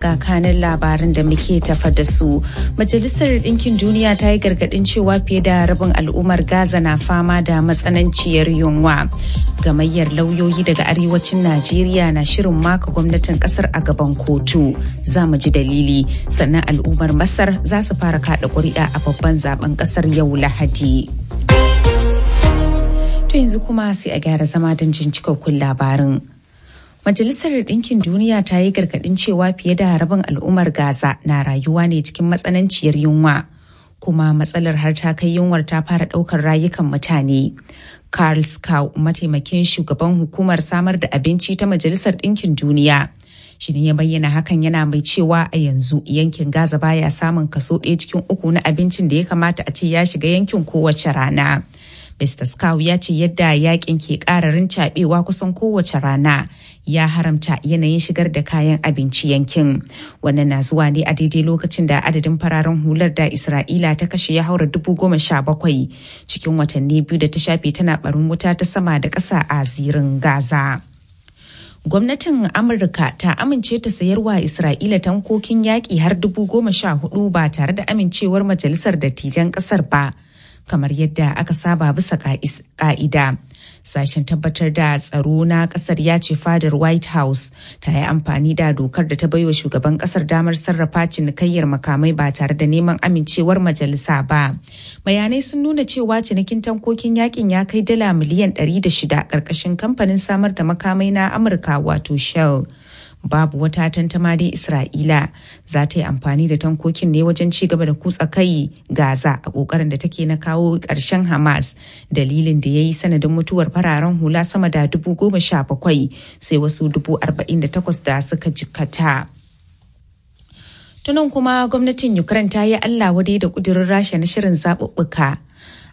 ga kanin labarin da muke tafa da su majalisar ɗinkin duniya ta yi gargaɗin cewa fiye da rabin al'ummar gaza na fama da matsananciyar yunwa gamayyar lauyoyi daga arewacin najeriya na shirin maka gwamnatin ƙasar a gaban kotu za mu ji dalili sannan al'ummar masar za su fara kaɗa ƙuri'a a babban zaben ƙasar yau lahadi to yanzu kuma sai a gyara zama don jin cikakkun labarin Majalisar Ɗinkin Duniya ta yi gargaɗin cewa fiye da rabin al'ummar Gaza na rayuwa ne cikin matsananciyar yunwa, kuma matsalar har ta kai yunwar ta fara ɗaukar rayukan mutane. Karl Skau, mataimakin shugaban hukumar samar da abinci ta Majalisar Ɗinkin Duniya, shi ne ya bayyana hakan yana mai cewa a yanzu yankin Gaza baya samun kaso ɗaya cikin uku na abincin da ya kamata a ce ya shiga yankin kowace rana. Mr. Skaw ya ce yadda yakin ke ƙararin caɓewa kusan kowace rana ya haramta yanayin shigar da kayan abinci yankin. Wannan na zuwa ne a daidai lokacin da adadin fararen hular da Isra'ila ta kashe ya haura dubu goma sha bakwai cikin watanni biyu da ta shafe tana barin wuta ta sama da ƙasa a zirin Gaza. gwamnatin amurka ta amince ta sayarwa isra'ila tankokin yaƙi har dubu goma sha hudu ba tare da amincewar majalisar dattijan ƙasar ba kamar yadda aka saba bisa ka'ida. Sashen tabbatar da tsaro na kasar ya ce fadar White House ta yi amfani da dokar da ta baiwa shugaban kasar damar sarrafa cinikayyar makamai ba tare da neman amincewar majalisa ba. Bayanai sun nuna cewa cinikin tankokin yakin ya kai dala miliyan 106 ƙarƙashin kamfanin samar da makamai na Amurka wato Shell. babu wata tantama dai isra'ila za ta yi amfani da tankokin ne wajen ci gaba da kutsa kai gaza a kokarin da take na kawo ƙarshen hamas dalilin da ya yi sanadin mutuwar fararen hula sama da dubu goma sha bakwai sai wasu dubu arba'in da takwas da suka jikkata tunan kuma gwamnatin ukraine ta yi allah wadai da kudirin rasha na shirin zaɓuɓɓuka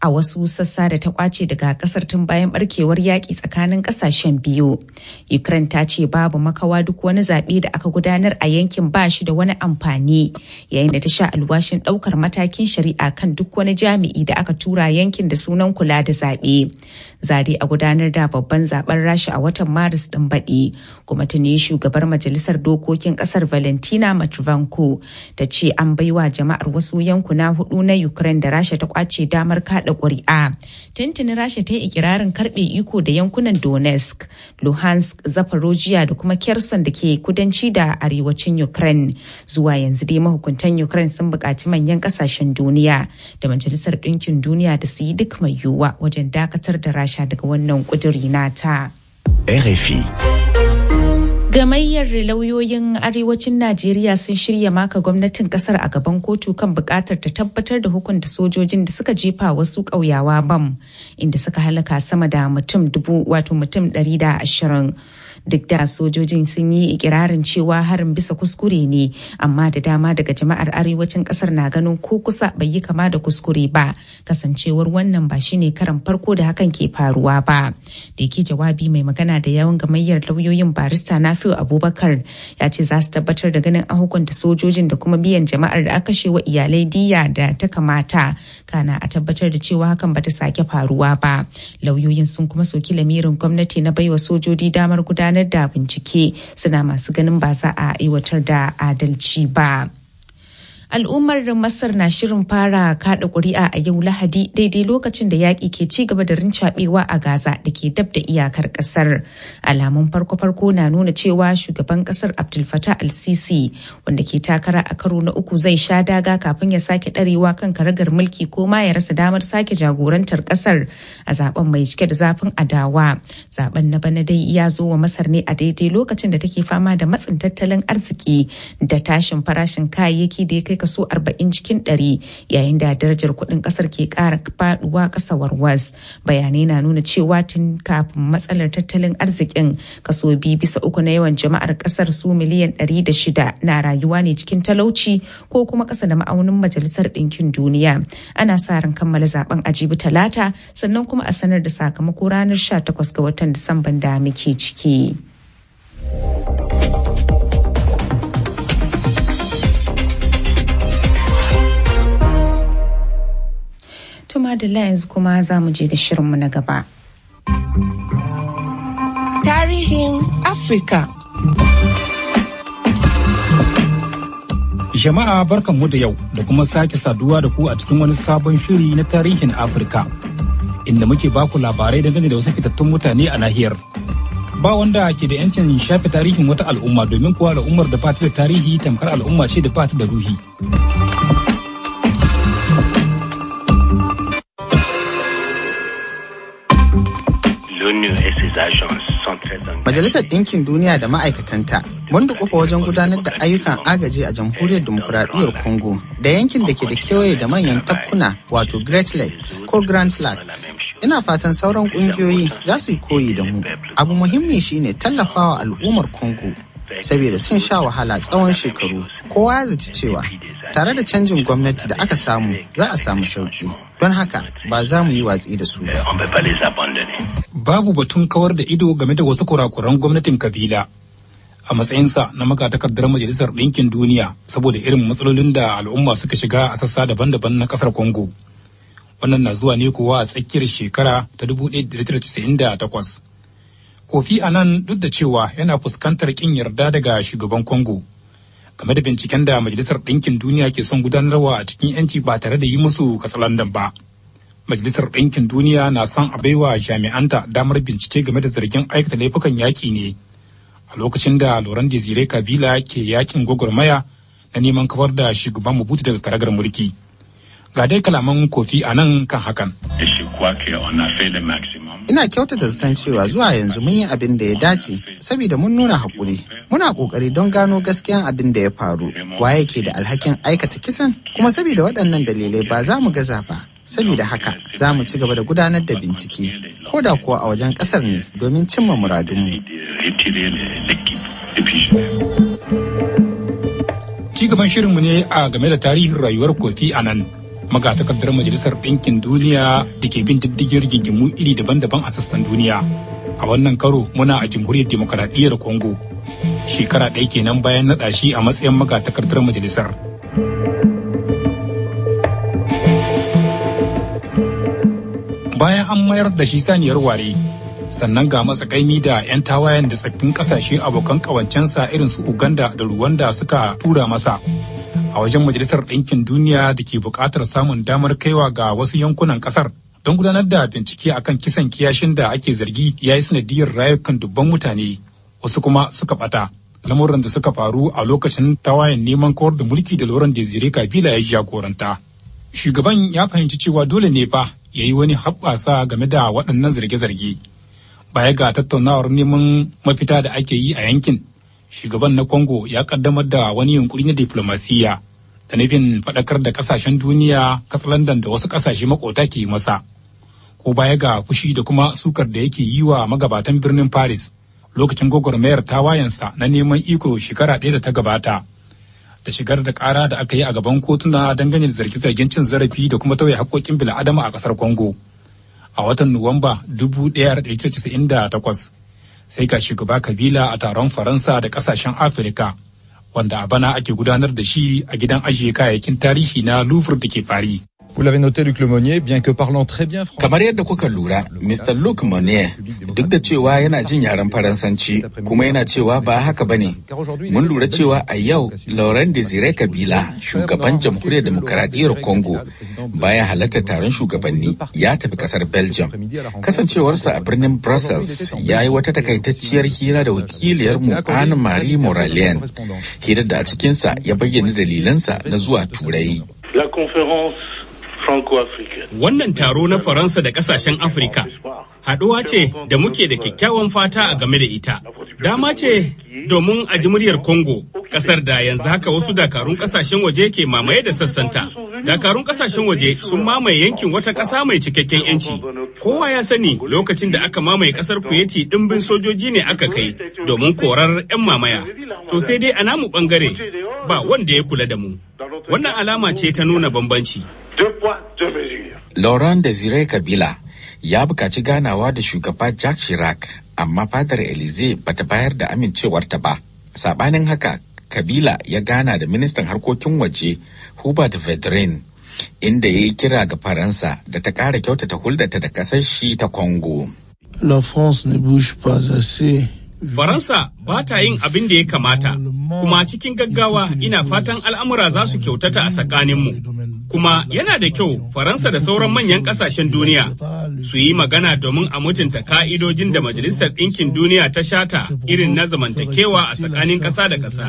a wasu sassa da ta kwace daga kasar tun bayan barkewar yaƙi tsakanin ƙasashen biyu. Ukraine ta ce babu makawa duk wani zaɓe da aka gudanar a yankin ba shi da wani amfani yayin da ta sha alwashin ɗaukar matakin shari'a kan duk wani jami'i da aka tura yankin da sunan kula da zaɓe. Zare a gudanar da babban zaɓen rashi a watan Maris ɗin baɗi kuma tuni shugabar majalisar dokokin ƙasar Valentina Matvanko ta ce an baiwa jama'ar wasu yankuna hudu na Ukraine da Rasha ta kwace damar kaɗa kada ƙuri'a. Tintini Rasha ta yi ikirarin karɓe iko da yankunan Donetsk, Luhansk, Zaporozhia da kuma Kherson da ke kudanci da arewacin Ukraine. Zuwa yanzu dai mahukuntan Ukraine sun buƙaci manyan ƙasashen duniya da Majalisar Ɗinkin Duniya da su yi duk mai yiwuwa wajen dakatar da Rasha daga wannan ƙuduri nata. RFI Gamayyar lauyoyin arewacin Najeriya sun shirya maka gwamnatin kasar a gaban kotu kan bukatar ta tabbatar da hukunta sojojin da suka jefa wasu ƙauyawa bam inda suka halaka sama da mutum dubu wato mutum ɗari da ashirin. Duk da sojojin sun yi ikirarin cewa harin bisa kuskure ne amma da dama daga jama'ar arewacin kasar na ganin ko kusa bai yi kama da kuskure ba kasancewar wannan ba shine karan farko da hakan ke faruwa ba. Da yake jawabi mai magana da yawan gamayyar lauyoyin barista na Rafiu Abubakar ya ce za su tabbatar da ganin an hukunta sojojin da kuma biyan jama'ar da aka shewa iyalai diya da ta kamata kana a tabbatar da cewa hakan bata sake faruwa ba. Lauyoyin sun kuma soki lamirin gwamnati na baiwa sojoji damar gudanar da bincike suna masu ganin ba za a aiwatar da adalci ba. Al'ummar Masar na shirin fara kada ƙuri'a a yau Lahadi daidai lokacin da yaƙi ke ci gaba da rincaɓewa a Gaza da ke dab da iyakar ƙasar. Alamun farko-farko na nuna cewa shugaban ƙasar Abdul Fattah al-Sisi wanda ke takara a karo na uku zai sha daga kafin ya sake ɗarewa kan karagar mulki ko ma ya rasa damar sake jagorantar ƙasar a zaben mai cike da zafin adawa. Zaben na bana dai ya zo wa Masar ne a daidai lokacin da take fama da matsin tattalin arziki da tashin farashin kayayyaki da ya kai kaso 40 cikin 100 yayin da darajar kuɗin ƙasar ke ƙara faɗuwa ƙasa warwas. Bayanai na nuna cewa tun kafin matsalar tattalin arzikin kaso biyu bisa uku na yawan jama'ar ƙasar su miliyan 106 na rayuwa ne cikin talauci ko kuma ƙasa da ma'aunin Majalisar Ɗinkin Duniya. Ana sa ran kammala zaben ajibi talata sannan kuma a sanar da sakamako ranar 18 ga watan Disamban da muke ciki. Tuma da yanzu kuma za mu je ga shirinmu na gaba. Tarihin Afrika. Jama'a mu da yau da kuma sake saduwa da ku a cikin wani sabon shiri na tarihin Afrika, Inda muke baku labarai dangane da wasu fitattun mutane a nahiyar. ba wanda ke da yancin shafe tarihin wata al'umma domin kuwa al'ummar da fata da tarihi tamkar al'umma ce da fata da ruhi Majalisar Ɗinkin Duniya da ma'aikatanta mun dukufa wajen gudanar da ayyukan agaji a Jamhuriyar demokuraɗiyar Congo da yankin da ke da kewaye da manyan tafkuna wato Great Lakes ko Grand Lakes. Ina fatan sauran ƙungiyoyi za su yi koyi da mu. Abu muhimmi shine tallafawa al'ummar Congo saboda sun sha wahala tsawon shekaru kowa ya zaci cewa tare da canjin gwamnati da aka samu za a samu sauƙi. don haka ba za mu yi watsi da su ba. Babu batun kawar da ido game da wasu kurakuran gwamnatin kabila. A matsayinsa na magatakardar Majalisar Ɗinkin Duniya saboda irin matsalolin da al'umma suka shiga a sassa daban-daban na ƙasar Congo. Wannan na zuwa ne kuwa a tsakiyar shekara ta 1998. Kofi anan, duk da cewa yana fuskantar ƙin yarda daga shugaban Kongo. game da binciken da majalisar ɗinkin duniya ke son gudanarwa a cikin 'yanci ba tare da yi musu katsalandan ba majalisar ɗinkin duniya na son a baiwa jami'anta damar bincike game da zargin aikata laifukan yaƙi ne a lokacin da loran desire kabila ke yakin gwagwarmaya na neman kawar da shugaban mabutu daga karagar mulki ga dai kalaman kofi a nan kan hakan ina kyautata san cewa zuwa yanzu mun yi abin da ya dace saboda mun nuna haƙuri muna ƙoƙari don gano gaskiyan abin da ya faru wa yake da alhakin aikata kisan kuma saboda waɗannan dalilai ba za mu gaza ba saboda haka za mu ci gaba da gudanar da bincike ko da kuwa a wajen ƙasar ne domin cimma muradunmu ci gaban shirinmu ne a game da tarihin rayuwar kofi a nan magatakardar majalisar ɗinkin duniya da ke bin diddigin rigingimu iri daban-daban a sassan duniya a wannan karo muna a jamhuriyar demokaradiyyar congo shekara ɗaya kenan bayan naɗa shi a matsayin magatakardar majalisar bayan an mayar da shi saniyar ware sannan ga matsakaimi da 'yan tawayen da tsaffin kasashe abokan kawancensa irin su uganda da ruwanda suka tura masa a wajen Majalisar Ɗinkin Duniya da ke buƙatar samun damar kaiwa ga wasu yankunan ƙasar don gudanar da bincike a kan kisan kiyashin da ake zargi ya yi sanadiyar rayukan dubban mutane wasu kuma suka ɓata. lamurran da suka faru a lokacin tawayen neman kawar da mulki da loran zire Kabila ya jagoranta. Shugaban ya fahimci cewa dole ne fa ya yi wani haɓɓasa game da waɗannan zarge-zarge. Baya ga tattaunawar neman mafita da ake yi a yankin, shugaban na Congo ya kaddamar da wani yunkuri na diplomasiya da nufin faɗakar da kasashen duniya katsalandan da wasu kasashe makota ke masa. Ko baya ga fushi da kuma sukar da yake yi wa magabatan birnin Paris lokacin gwagwarmayar tawayensa na neman iko shekara ɗaya da ta gabata. Da shigar da ƙara da aka yi a gaban kotuna dangane da zarge-zargen cin zarafi da kuma tauye haƙƙoƙin bil'adama a ƙasar Congo. A watan Nuwamba 1998 sai ga shugaba kabila a taron faransa da kasashen afirka wanda a bana ake gudanar da shi a gidan ajiye kayayyakin tarihi na louvre da ke fari Vous l'avez noté, Luc Lemonnier, bien que parlant très bien français. Kamar yadda kuka lura, Mr. Luc Monnier, duk da cewa yana jin yaren Faransanci, kuma yana cewa ba haka bane. Mun lura cewa a yau Laurent Désiré Kabila, shugaban Jamhuriyar Demokaradiyyar Congo, bayan halartar taron shugabanni ya tafi kasar Belgium. Kasancewarsa a birnin Brussels ya yi wata takaitacciyar hira da wakiliyar mu Anne-Marie Moralien, hirar da a cikinsa ya bayyana dalilansa na zuwa Turai. La conférence Wannan taro na Faransa da kasashen Afirka haɗuwa ce da muke da kyakkyawan fata a game da ita. Dama ce domin a muryar Congo, ƙasar da yanzu haka wasu dakarun ƙasashen waje ke mamaye da sassanta. Dakarun ƙasashen waje sun mamaye yankin wata ƙasa mai cikakken 'yanci. Kowa ya sani lokacin da aka mamaye ƙasar Kuwaiti ɗimbin sojoji ne aka kai domin korar 'yan mamaya. To sai dai a namu ɓangare ba wanda ya kula da mu. Wannan alama ce ta nuna bambanci. deux poids, deux mesures. Laurent Désiré Kabila ya buƙaci ganawa da shugaba Jack Chirac amma fadar Elize ta bayar da amincewarta ba. Sabanin haka Kabila ya gana da ministan harkokin waje Hubert Vedrin inda ya yi kira ga Faransa da ta ƙara kyautata hulɗata da ƙasar shi ta kongo. La France ne bouge pas Faransa ba ta yin abin da ya kamata, kuma cikin gaggawa ina fatan al'amura za su kyautata a tsakaninmu. kuma yana da kyau faransa da sauran manyan kasashen duniya su yi magana domin a mutunta ka'idojin da majalisar ɗinkin duniya ta shata irin na zamantakewa a tsakanin ƙasa da ƙasa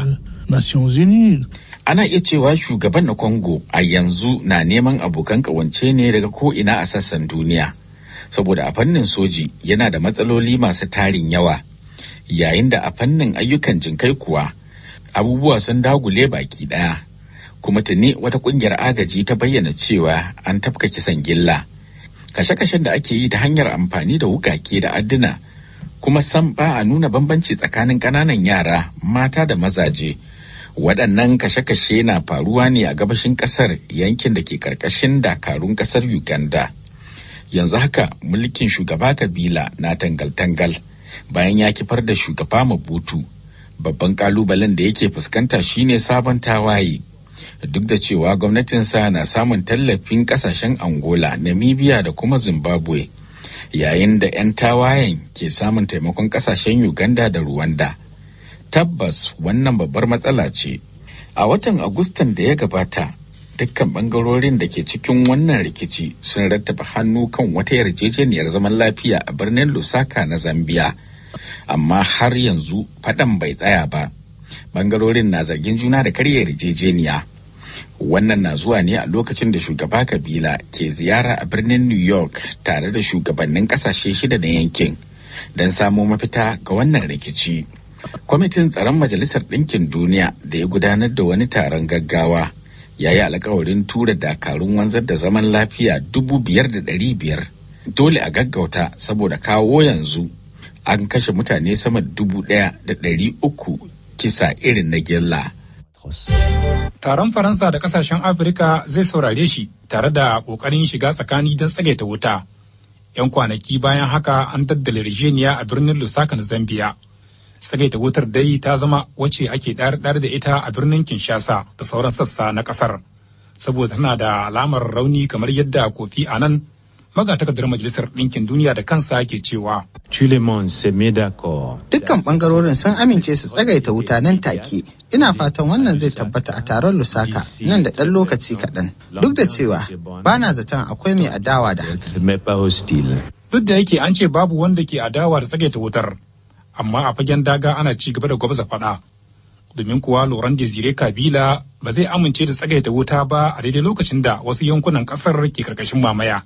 ana iya cewa shugaban na congo a yanzu na neman abokan ƙawance ne daga ko'ina a sassan duniya saboda a fannin soji yana da matsaloli masu tarin yawa yayin da a fannin ayyukan jinkai kuwa abubuwa sun dagule baki ɗaya kuma tuni wata kungiyar agaji ta bayyana cewa an tafka kisan gilla kashe-kashen da ake yi ta hanyar amfani da wukake da adduna kuma san ba a nuna bambanci tsakanin ƙananan yara mata da mazaje waɗannan kashe-kashe na faruwa ne a gabashin ƙasar yankin da ke ƙarƙashin dakarun ƙasar uganda yanzu haka mulkin shugaba kabila na tangal-tangal bayan ya kifar da shugaba mabutu babban ƙalubalen da yake fuskanta shine sabon tawaye duk da cewa gwamnatinsa na samun tallafin kasashen angola namibia da kuma zimbabwe yayin da 'yan tawayen ke samun taimakon kasashen uganda da rwanda tabbas wannan babbar matsala ce a watan agustan da ya gabata dukkan bangarorin da ke cikin wannan rikici sun rattaba hannu kan wata yarjejeniyar zaman lafiya a birnin lusaka na zambia amma har yanzu faɗan bai tsaya ba bangarorin na zargin juna da karya yarjejeniya Wannan na zuwa ne a lokacin da shugaba Kabila ke ziyara a birnin New York tare da shugabannin kasashe shida na yankin don samo mafita ga wannan rikici. Kwamitin tsaron Majalisar Ɗinkin Duniya da ya gudanar da wani taron gaggawa ya yi alkawarin tura dakarun wanzar da zaman lafiya dubu biyar da ɗari biyar. Dole a gaggauta saboda kawo yanzu an kashe mutane sama dubu ɗaya da ɗari uku kisa irin na gilla. Taron Faransa da kasashen Afirka zai saurare shi tare da ƙoƙarin shiga tsakani don tsagaita wuta. 'Yan kwanaki bayan haka an daddala rijeniya a birnin Lusaka na Zambiya. Tsagaita wutar dai ta zama wacce ake ɗar da ita a birnin Kinshasa da sauran sassa na ƙasar. Saboda tana da alamar rauni kamar yadda kofi a nan magatakardar majalisar ɗinkin duniya da kansa ke cewa. semedako Dukkan bangarorin sun amince su tsagaita wuta nan take. Ina fatan wannan zai tabbata a taron Lusaka nan da ɗan lokaci kaɗan. Duk da cewa ba na zaton akwai mai adawa da haka. Duk da yake an ce babu wanda ke adawa da tsagaita wutar. Amma a fagen daga ana ci gaba da gwamza faɗa. Domin kuwa da zire Kabila ba zai amince da tsagaita wuta ba a daidai lokacin da wasu yankunan kasar ke karkashin mamaya.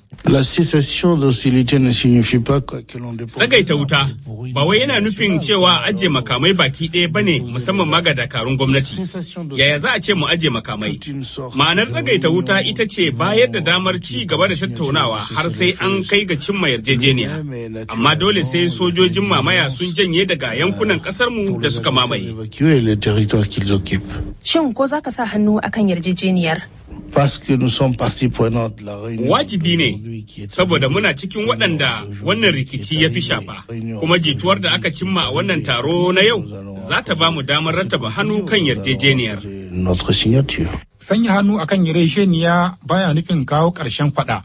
Tsagaita wuta ba wai yana nufin cewa ajiye makamai baki ɗaya ba ne musamman ma ga dakarun gwamnati. Yaya za a ce mu ajiye makamai? Ma'anar tsagaita wuta ita ce bayar da damar ci gaba da tattaunawa har sai an kai ga cimma yarjejeniya. Amma dole sai sojojin mamaya sun janye daga yankunan ƙasarmu da suka mamaye. Shin ko za ka sa hannu akan yarjejeniyar. Wajibi ne, saboda muna cikin waɗanda wannan rikici ya fi shafa, kuma jituwar da aka cimma a wannan taro na yau za ta ba mu damar rattaba hannu kan yarjejeniyar. Sanya hannu akan yarjejeniya baya nufin kawo ƙarshen faɗa.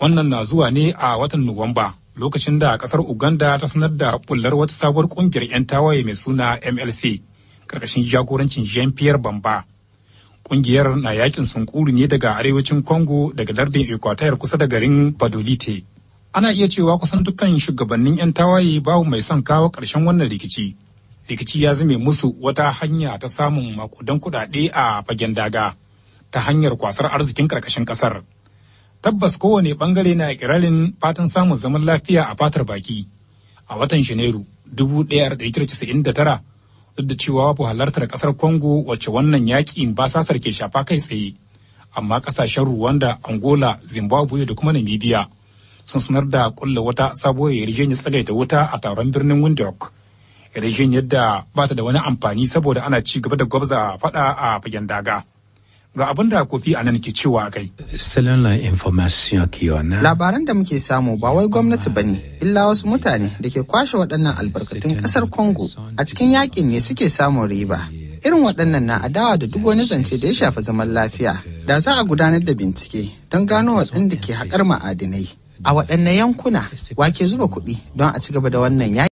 Wannan na zuwa ne a watan Nuwamba, lokacin da ƙasar Uganda ta sanar da bullar wata sabuwar ƙungiyar 'yan tawaye mai suna MLC, ƙarƙashin jagorancin Jean-Pierre Bamba. Kungiyar na yakin sunkuru ne daga arewacin Congo daga lardin Equatorial kusa da garin Badolite. Ana iya cewa kusan dukkan shugabannin 'yan tawaye babu mai son kawo ƙarshen wannan rikici. Rikici ya zame musu wata hanya ta samun makudan kudade a fagen daga ta hanyar kwasar arzikin ƙarƙashin ƙasar. Tabbas kowane bangare na kiralin fatan samun zaman lafiya a fatar baki. A watan Janairu 1999 duk da cewa babu halartar kasar Congo wacce wannan yakin basasar ke shafa kai tsaye. Amma kasashen Rwanda, Angola, Zimbabwe da kuma Namibia sun sanar da kulla wata sabuwar yarjejeniyar tsagaita wuta a taron birnin Windhoek. Yarjejeniyar da ba ta da wani amfani saboda ana ci gaba da gwabza faɗa a fagen daga. ga abin da kofi a nan ke cewa kai. Labaran da muke samu ba wai gwamnati ba ne, illa wasu mutane da ke kwashe waɗannan albarkatun ƙasar Congo a cikin yaƙin ne suke samun riba. Irin waɗannan na adawa da duk wani zance da ya shafi zaman lafiya, da za a gudanar da bincike don gano waɗanda ke haƙar ma'adinai. A waɗannan yankuna wa ke zuba kuɗi don a ci gaba da wannan